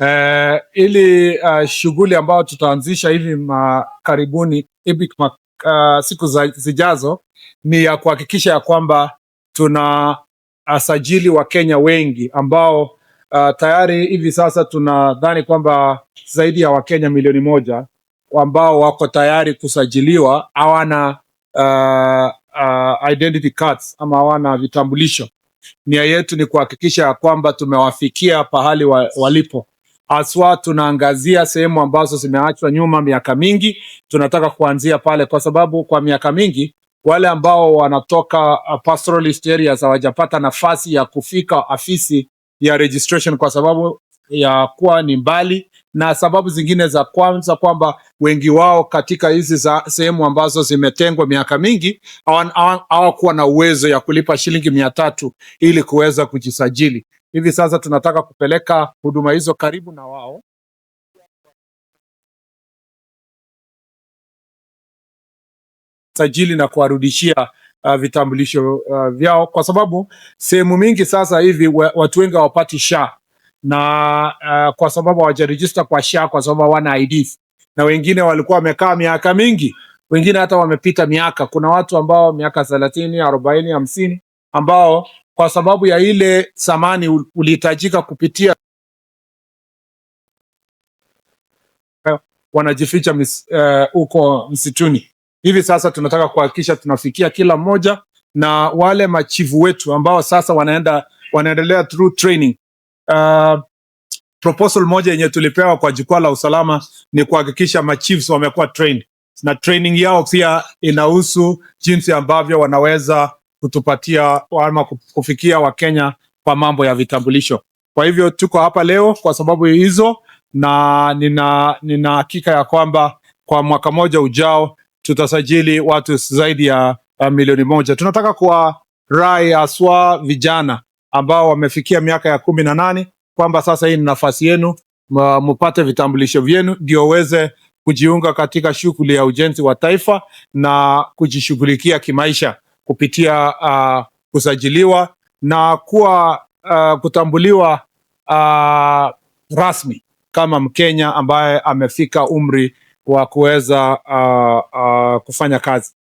Eh, ili uh, shughuli ambayo tutaanzisha hivi makaribuni hivi ma, uh, siku za, zijazo ni ya kuhakikisha ya kwamba tuna sajili Wakenya wengi ambao uh, tayari hivi sasa tunadhani kwamba zaidi ya Wakenya milioni moja ambao wako tayari kusajiliwa hawana uh, uh, identity cards ama hawana vitambulisho. Nia yetu ni kuhakikisha ya kwamba tumewafikia pahali wa, walipo haswa tunaangazia sehemu ambazo zimeachwa nyuma miaka mingi. Tunataka kuanzia pale, kwa sababu kwa miaka mingi wale ambao wanatoka uh, pastoralist areas hawajapata nafasi ya kufika afisi ya registration kwa sababu ya kuwa ni mbali na sababu zingine za kwanza kwamba wengi wao katika hizi za sehemu ambazo zimetengwa miaka mingi hawakuwa na uwezo ya kulipa shilingi mia tatu ili kuweza kujisajili. Hivi sasa tunataka kupeleka huduma hizo karibu na wao. sajili na kuwarudishia uh, vitambulisho uh, vyao kwa sababu sehemu mingi sasa hivi watu wengi hawapati SHA na uh, kwa sababu hawajarejista kwa SHA kwa sababu hawana ID, na wengine walikuwa wamekaa miaka mingi, wengine hata wamepita miaka. Kuna watu ambao miaka thelathini, arobaini, hamsini ambao kwa sababu ya ile samani ulihitajika kupitia wanajificha eh, huko uh, msituni. Hivi sasa tunataka kuhakikisha tunafikia kila mmoja na wale machivu wetu ambao sasa wanaenda wanaendelea through training. Uh, proposal moja yenye tulipewa kwa jukwaa la usalama ni kuhakikisha machiefs wamekuwa trained na training yao pia inahusu jinsi ambavyo wanaweza kutupatia ama kufikia Wakenya kwa mambo ya vitambulisho. Kwa hivyo tuko hapa leo kwa sababu hizo, na nina nina hakika ya kwamba kwa mwaka moja ujao tutasajili watu zaidi ya milioni moja. Tunataka kuwa rai haswa vijana ambao wamefikia miaka ya kumi na nane kwamba sasa hii ni nafasi yenu, mpate vitambulisho vyenu ndio uweze kujiunga katika shughuli ya ujenzi wa taifa na kujishughulikia kimaisha kupitia uh, kusajiliwa na kuwa uh, kutambuliwa uh, rasmi kama Mkenya ambaye amefika umri wa kuweza uh, uh, kufanya kazi.